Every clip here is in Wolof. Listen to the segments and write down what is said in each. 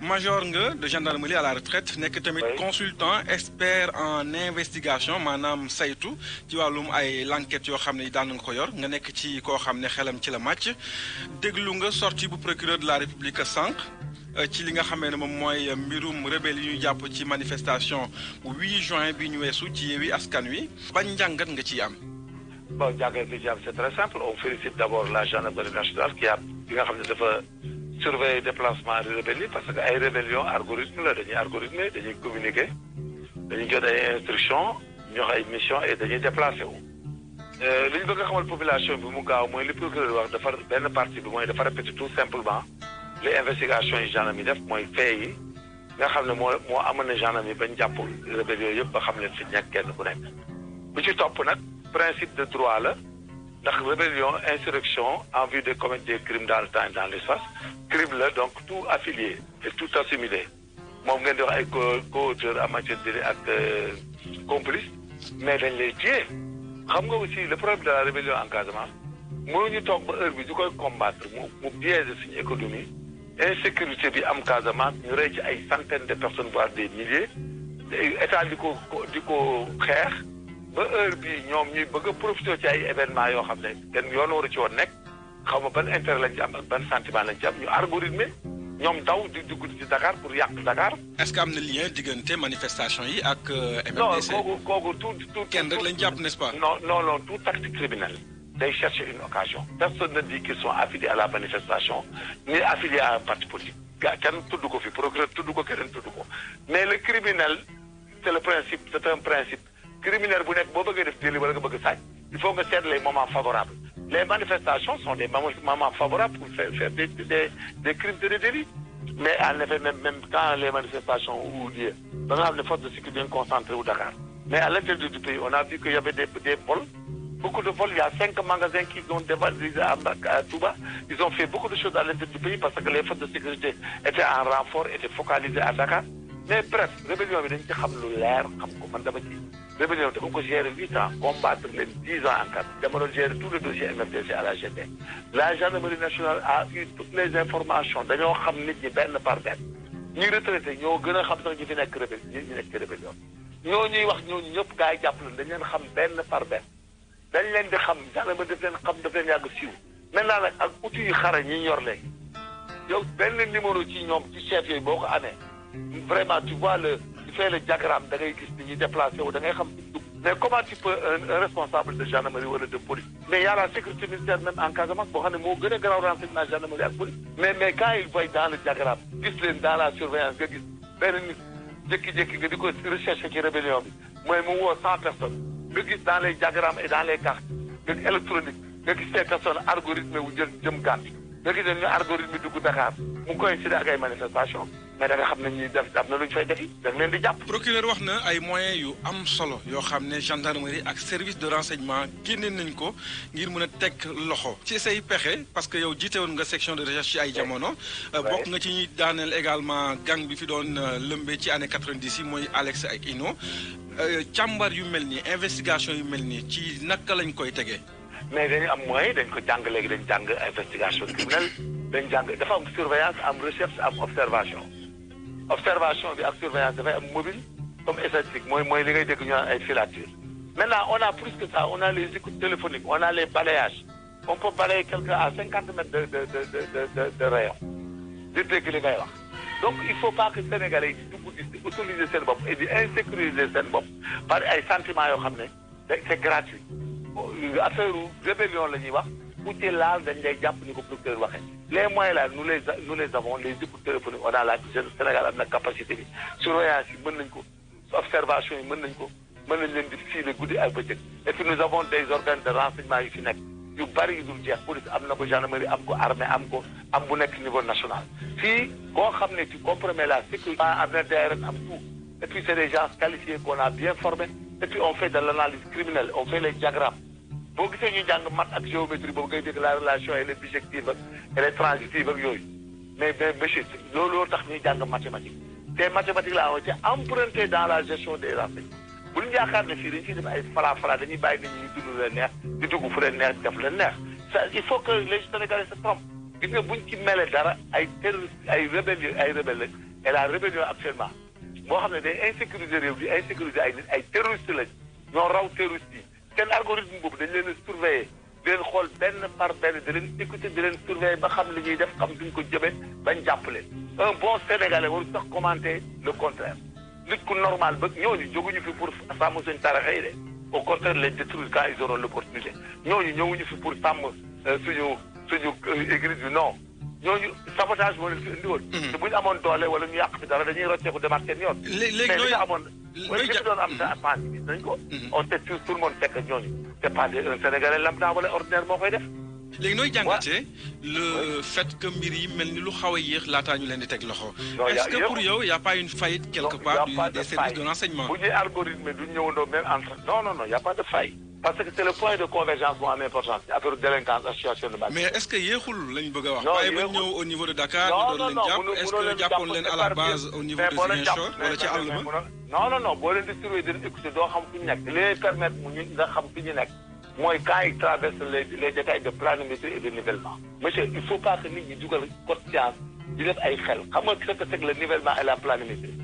major nga de gendarmerie à la retraite nekk tamit consultant expert en investigation maanaam saytu ci wàllum ay l'enquête yoo xam ne daan nga ko yor nga nekk ci koo xam ne xelam ci la màcc déglu nga sorti bu procureur de la république sànq euh, ci li nga xamee ne moom mooy mbirum rebelle yi ñu jàpp ci manifestation bu juin bi ñu weesu ci Yewwi Askan Wi ban njàngat nga ciy am bon njàngat nga ci am c'est très simple on félicite d'abord la gendarmerie nationale qui a surveiller déplacement de parce que ay rébellion algorithme la dañuy algorithme dañuy communiquer dañuy jot ay instruction ñu ay mission et dañuy déplacé wu. Euh, li ñu bëgg a xamal population bi mu gaaw mooy li procureur wax dafa benn partie bi mooy dafa répété tout simplement li investigation yi gendarmerie def mooy fee yi nga xam ne moo moo amoon na gendarmerie bañ jàppul rebelles yooyu yëpp ba xam leen fi nekk kenn ku nekk. bu ci topp nag principe de droit la. ndax rébellion insurrection en vue de commettre des crimes dans le temps dans l'espace crime la donc tout affilié et tout assimilé moom ngeen di wax ay co-auteur en matière de ak euh, complice mais dañ lay téye xam nga aussi le problème de la rébellion en Casamance mënuñu toog ba heure bi du koy combattre mu mu biaise suñu économie insécurité bi am Casamance ñu rey ci ay centaines de personnes voire des milliers état di ko di ko xeex ba heure bii ñoom ñuy bëgg a profité ci ay événement yoo xam ne kenn yoon waru ci woon nekk xaw ma ban intérêt lañ ci am ak ban sentiment lañ ci am ñu algorithme ñoom daw di dugg ci Dakar pour yàq Dakar. est-ce que am na lien diggante manifestation yi ak. Euh, MMDC non kooku kooku tout tout. kenn rek lañ jàpp n'est-ce pas. non non non tout acte criminel. day chercher une occasion. personne ne dit qu'ils sont à la manifestation ni affiliés à parti politique. gaa kenn tudd ko fi procureur tudd ko keneen tudd ko mais criminel bu nekk boo bëggee def délit wala nga bëgg sàcc il faut nga seet les moments favorables les manifestations sont des moments favorables pour faire des des crimes et des mais en effet même même les manifestations ont lieu da ne force de sécurité dañu concentré Dakar mais à l'intérieur du pays on a vu que y des des vols de vols il cinq magasins qui ils ont fait de choses à l'intérieur du pays parce que les forces de sécurité étaient en renfort mais bref rébellion bi dañ ci xam lu leer xam ko man dama ci rébellion dama ko gérer huit ans leen dix ans en quatre dama doon gérer tout le dossier MFDC à la GT la gendarmerie nationale a eu toutes les informations dañoo xam nit ñi benn par benn ñuy retraité ñoo gën a xam sax ñi fi nekk rébel ñi ñu nekk rébellion ñoo ñuy wax ñooñu ñëpp gars yi jàpp leen dañ xam benn par benn dañ leen di xam gendarmerie daf leen xam daf leen yàgg siiw maintenant nag ak outils yu xara ñi ñor léegi yow benn numéro ñoom ci chef boo ko amee vraiment tu vois le tu fais le diagramme da ngay gis ni ñuy déplacé wu da ngay xam dugg mais comment tu peux euh, un responsable de gendarmerie wala de police mais y a la sécurité militaire en Casamance boo xam ne moo gën a garaaw renseignement gendarmerie ak police mais mais quand il voit dans le diagramme gis dans la surveillance nga gis benn nit jékki-jékki di ko recherche ci rébellion bi mooy mu woo cent personnes nga gis dans les diagrammes et dans les cartes nga électronique nga gis ces personnes algorithme wu jël jëm gàtt nga gis leen ñu mais da nga xam ne ñuy def am na lu ñu fay defi da nga leen di jàpp. procureur na ay moyens yu am solo yoo xam ne gendarmerie ak service de renseignement génne nañ ko ngir mën a teg loxo. ci say pexe parce que yow jiite woon nga section de recherche ay jamono. Euh, bokk nga ci ñuy daaneel également gang bi fi doon euh, lëmbee ci année 90 yi mooy Alex ak Ino euh, càmbar yu mel nii investigation yu mel nii ci naka lañ koy tegee. mais dañu am moyen dañ léegi dañ jàng investigation criminelle dañ jàng dafa am surveillance am recherche am observation. observation bi ak surveillance dafay am mobile comme statistique mooy mooy li ngay dégg ñu naan ay filature. on a plus que ça on a les écoutes téléphoniques on a les balayages on peut balayer quelqu'un à cinquante mètres de de de de de de rayon. di dégg li ngay wax donc il faut pas que sénégalais yi di dugg di utiliser seen bopp et di insécuriser seen bopp par ay sentiments yoo xam ne c'est gratuit affaire rébellion la ñuy wax ku ci laal dañ lay jàpp ni ko procureur waxee. les moyens là nous les nous les avons les écoutes téléphoniques on a la Sénégal am na capacité bi surveillance yi mën nañ ko observation yi mën nañ ko mën nañ leen di filer guddi ak bëccëg et puis nous avons des organes renseignement yu fi nekk yu bari yu dul jeex police am na ko gendarmerie am ko armée am ko am bu nekk niveau national fii koo xam ne tu compromets la sécurité am na DRN am tout et c'est des gens qualifiés qu'on a bien formés et on fait de l'analyse criminelle on et les transitifs ak yooyu mais mais monsieur looloo tax ñuy jàng mathématique te mathématique laa wax ci emprunté dans la gestion des affaires bu ñu yaakaar ne fii dañ ciy def ay fala fala dañuy bàyyi nit ñi leen neex di dugg fu leen neex def leen neex ça il faut que les Sénégalais se trompent gis nga buñ dara ay terroriste ay rébellion ay rebelle et la rébellion actuellement boo xam ne day insécuriser réew di insécuriser ay nit ay terroriste lañ ñoo raw terroriste yi seen algorithme boobu dañ leen a di leen xool benn par benn di leen écouter di leen ba xam li ñuy def xam duñ ko jëmee bañ jàppale un bon sénégalais waru sax commenter le contraire nit ku normal ba ñooñu jóguñu fi pour sàmm suñ taraxa yi de au contraire les détruire quand ils auront l'opportunité ñooñu ñëwuñu fi pour sàmm euh, suñu suñu euh, église bi non ñooñu sabotage moo leen fi indi woon. Mhm. te bu ñu amoon doole wala ñu yàq fi dara dañuy rocceeku demaat seen yoon. léegi mais li nga am sa mhm. avance bi nañ ko. Mhm. on teste tout le monde fekk ñooñu. c' est pas un euh, sénégalais lambda wala ordinaire moo koy def. léegi nooy jàngatee le fait que mbir mel ni lu xaw a yéex laataa ñu leen di teg loxo. est ce que pour yow y' a pas une faillite quelque part. des services de renseignement. bu algorithme du ñëwandoo même entre. non non non y' pas de faille. parce que c'est le point de convergence bu am importance affaire délinquance association de base. mais est-ce que yéexul lañ bëgg a wax. non bàyyi ba ñëw au niveau de Dakar. non non non mënoo leen jàpp est la base au niveau de Ziguinchor wala ci àll ba. non nekk. li leen permettre mu ñu nekk. mooy quand ils traversent les les de planimétrie et de nivellement. monsieur il faut pas que nit ñi conscience di def ay xel xam nga ce que le nivellement et la planimétrie.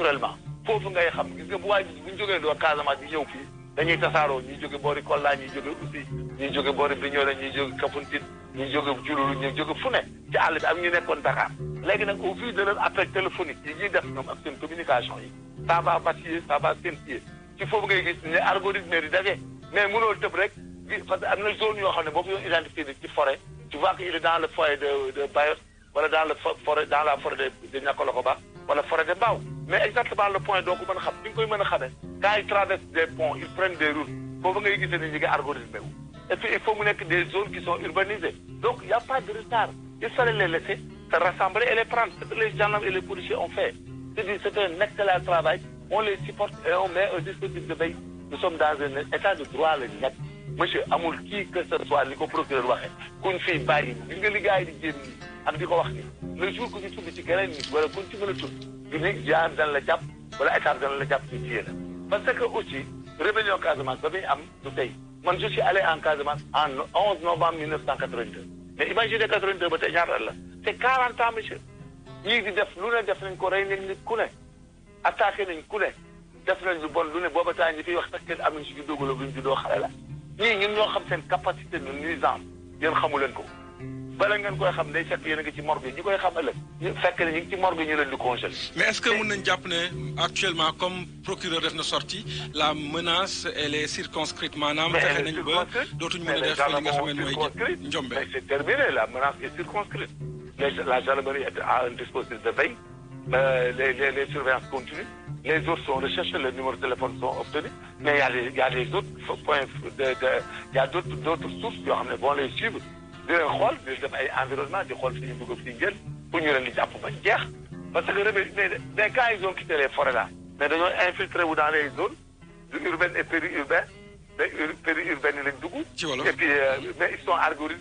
xam foofu ngay xam gis nga bu waay bu ñu jógee doo Casamance ñu ñëw fii dañuy tasaaroo ñuy jóge boori Kolda ñuy jóge aussi ñuy jóge boori Bignona ñuy jóge Kafountine ñuy jóge Diouloulou ñuy jóge fu ne ci àll bi am ñu nekkoon Dakar léegi nag au vu de leur appel téléphonique yi ñuy def ñoom ak seen communication yi ça va vaciller ça va ci foofu ngay gis ne algorithme yi daje mais mënoo tëb rek parce que am na zone yoo xam ne boo ko doon identifié ci forêt tu vois que il est la le foyer de de wala la forêt de wala forêt de mbaaw mais exactement le point doo ko mën xam ni koy mën a xamee quand ils traversent des ponts ils prennent des routes foofu ngay gisee ni ñi nga algorithmé wu il faut mu nekk des zones qui sont urbanisées donc y' a de retard il fallait les laisser se rassembler et les prendre ce que les gendarmes et les policiers ont fait c'est dit c'est un excellent travail on les supporte et on met un dispositif de veille nous dans un état de droit la ñu monsieur amul kii que ce soit li ko procureur waxee kuñ fiy bàyyi gis nga li gars di jéem ak di ko wax ni le jour ku ñu tudd ci keneen nit wala kuñ ci mën a tudd du ni jaar dana la jàpp wala état dana la jàpp ci téye la parce que aussi rébellion Casamance ba muy am du tey man je suis allé en Casamance en 11 novembre 1982 mais imaginez 82 ba tey ñaata la c'est 40 ans monsieur ñii di def lu ne def nañ ko rey nañ ku ne attaqué nañ ku ne def nañ lu bon lu ne booba taa ñi fiy wax sax kenn am nañ si la ñii ñun ñoo xam seen capacité de nuisance yéen xamu leen ko bala ngeen koy xam day fekk yéen a ngi ci morgue ñu koy xam ëllëg ñu fekk ne ñu ngi di congelé. mais est-ce que mën nañ jàpp ne actuellement comme procureur def na sortie la menace elle est circonscrite maanaam fexe nañ ba dootuñ mën a def li nga xam ne mooy njombe mais c'est la menace est circonscrite la gendarmerie a un dispositif de veille euh, les, les, les, surveillances continues. Les autres sont recherchés, les numéros de téléphone sont obtenus. Mais il y, a des autres points, il y a d'autres sources qui vont les suivre. di leen xool di def ay environnement di xool suñu dugub si jël pour ñu leen di jàpp ba jeex parce que rebelle mais mais quand ils ont quitté là mais dañoo infiltré wu dans les zones urbaines et périurbaines mais péri urbaines yi lañ dugg. ci et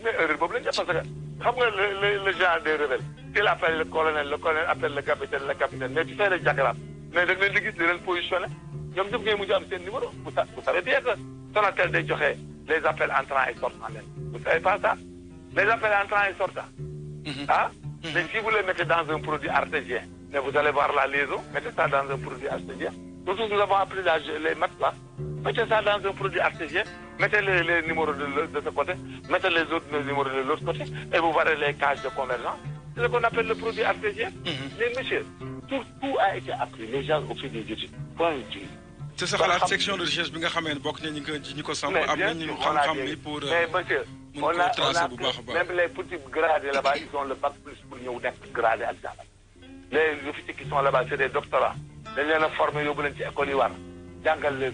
euh, boobu lañ parce que. xam nga le le le genre des rebelles il appelle le colonel le colonel appelle le capitaine le capitaine mais tu sais les jacaraam mais da nga leen di gis di leen positionné ñoom ñëpp ngay mujj numéro vous vous savez bien que Sonatel day joxe les appels entrants et sortants leen vous savez pas ça mm-hmm. Ah? Mm-hmm. si vous les mettez dans un produit artésien. mais vous allez voir la liaison mettez ça dans un produit artésien. nous avons appris les maths là. Mettez ça dans un produit artificiel, mettez les, les numéros de, de, ce côté, mettez les autres les numéros de l'autre côté, et vous verrez les cages de convergence. C'est qu'on appelle le produit artificiel. Mm -hmm. tout, tout, a été appris, les gens ont fait la section de recherche, mais euh, monsieur, on a, on a même les petits grades là-bas, ils ont le bac plus pour nous gradés à ça. Les officiers sont là-bas, c'est des doctorats. Ils les forment, ils ont une école,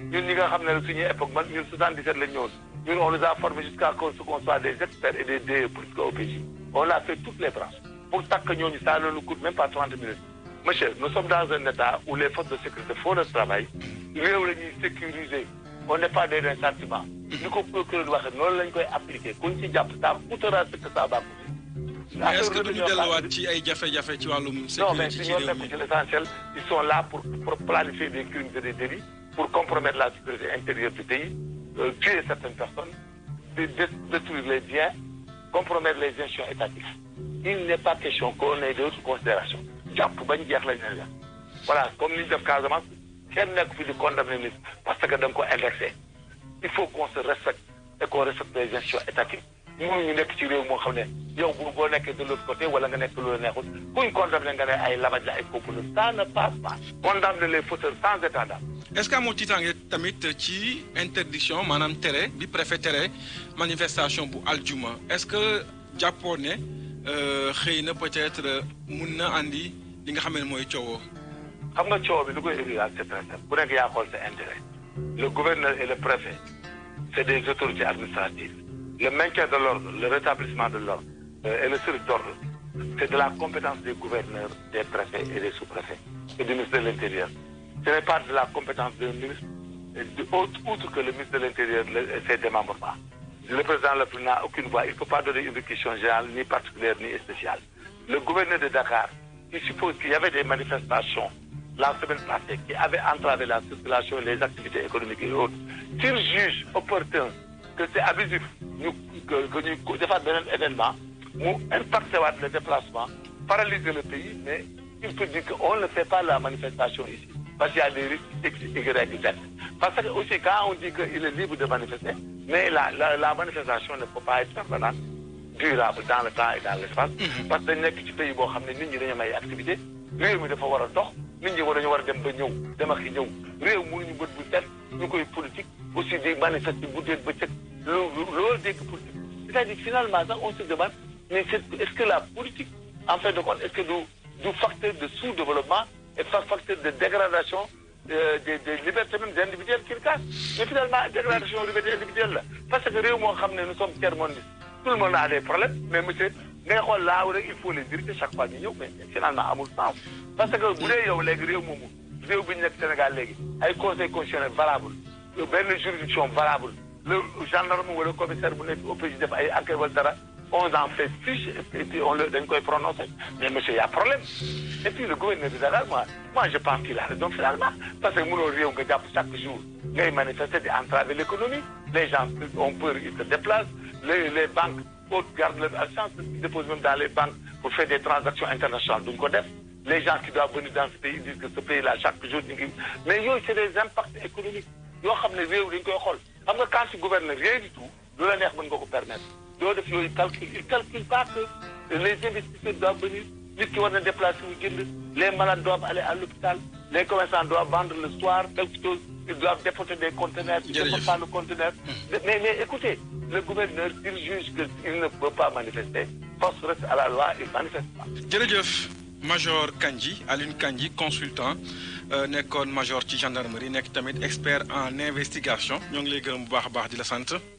ñun ñi nga xam ne suñu époque man ñun 77 lañ ñëwoon ñun on nous a formés jusqu'à ce qu'on soit des experts et des DE presque au PJ on a fait toutes les branches pour takk ñooñu ça ne nous coûte même pas 30 minutes monsieur nous sommes dans un état où les forces de sécurité font leur travail réew la ñuy sécuriser on n'est pas des sentiments ni ko procureur di waxee noonu lañ koy appliquer kuñ ci jàpp ça coûtera ce que ça va coûter mais est-ce que ay jafe-jafe ci wàllum sécurité non mais si pour compromettre la sécurité intérieure du pays, euh, tuer certaines personnes, détruire les biens, compromettre les institutions étatiques. Il n'est pas question qu'on ait d'autres considérations. Voilà, comme nous disons Casamance, quel n'est que de condamner parce que donc on indexé. Il faut qu'on se respecte et qu'on respecte les institutions étatiques. ñu mënuñu nekk ci réew moo xam ne yow bu nekkee de l'autre côté wala nga nekk loolu neexul kuñ condamné nga ne ay labaj la ay complot ça ne passe pas condamne les fauteurs sans état d'âme est-ce que amoo tamit ci interdiction maanaam tere bi préfet tere manifestation bu aljuma est-ce que jàppoo ne euh, xëy na peut-être mun na indi li nga xam ne mooy coowoo xam nga coow bi lu koy évial c'est très simple ku nekk yaa xool sa intérêt le gouverneur et le préfet c'est des autorités administratives le maintien de l'ordre, le rétablissement de l'ordre euh, et le service de la compétence des gouverneurs, des préfets et des sous-préfets de l'Intérieur. Ce n'est pas de la compétence d'un ministre, autre, outre que le ministre de l'Intérieur et ses Le président le n'a aucune voix. Il ne peut pas donner une question générale, ni particulière, ni spéciale. Le gouverneur de Dakar, il suppose qu'il y avait des manifestations la semaine passée qui avaient entravé la circulation, les activités économiques que c'est abusif ñu que que ñu defaat beneen événement mu impacté waat le déplacement paralyser le pays mais il faut dire on ne fait pas la manifestation ici parce qu'il a des risques Parce que aussi quand on dit qu'il est libre de manifester, mais la, la, la manifestation ne peut pas être permanente, durable dans le temps et dans l'espace. Mhm. parce que nekk ci pays boo xam ne nit ñi dañoo activité réew mi dafa war a dox nit ñi war dañu war a dem ba ñëw dem ak ñëw réew mënuñu bët bu set koy aussi des manifestations guddeeg bëccëg loolu loolu dégg politique c'est-à-dire finalement sax on se demande mais c'est est-ce que la politique en fin de compte est-ce que du du facteur de sous-développement et facteur de dégradation euh, des des libertés même individuelles qu'il casse mais finalement dégradation liberté individuelle la parce que réew moo xam ne nous sommes tiers-mondistes tout le monde a des problèmes mais monsieur ngay xool laaw rek il faut les diriger chaque fois ñu ñëw mais finalement amul sens parce que bu dee yow léegi réew moomu réew bi ñu nekk Sénégal léegi ay conseil constitutionnel valable benn juridiction valable le gendarme wala commissaire bu nekk OPJ on en fait fiche et prononcé mais monsieur y' a problème et le gouverneur de Dakar moi moi je pense qu'il a raison finalement parce que mënoo réew nga jàpp chaque jour l' économie les gens ont peur les les déposent dans les banques pour faire des transactions internationales duñ ko def. les gens qui doivent venir dans ce pays disent que ce pays là chaque jour ñu yoo xam ne réew dañ koy xool xam nga quand gouverneur gouvernes rien du tout lu la neex mën nga ko permettre doo def yooyu calcul il calcule pas que les investisseurs doivent venir na déplacer wu les malades doivent aller à l'hôpital les commerçants doivent vendre le soir quelque chose ils doivent déporter des conteneurs ils déportent pas le conteneur hmm. mais mais écoutez le gouverneur il juge que il ne peut pas manifester force reste à la loi il manifeste pas jërëjëf major Kandji Alioune Kandji consultant Euh, nekkoon major ci gendarmerie nekk tamit expert en investigation ñoo ngi lay gërëm bu baax a baax di la sant.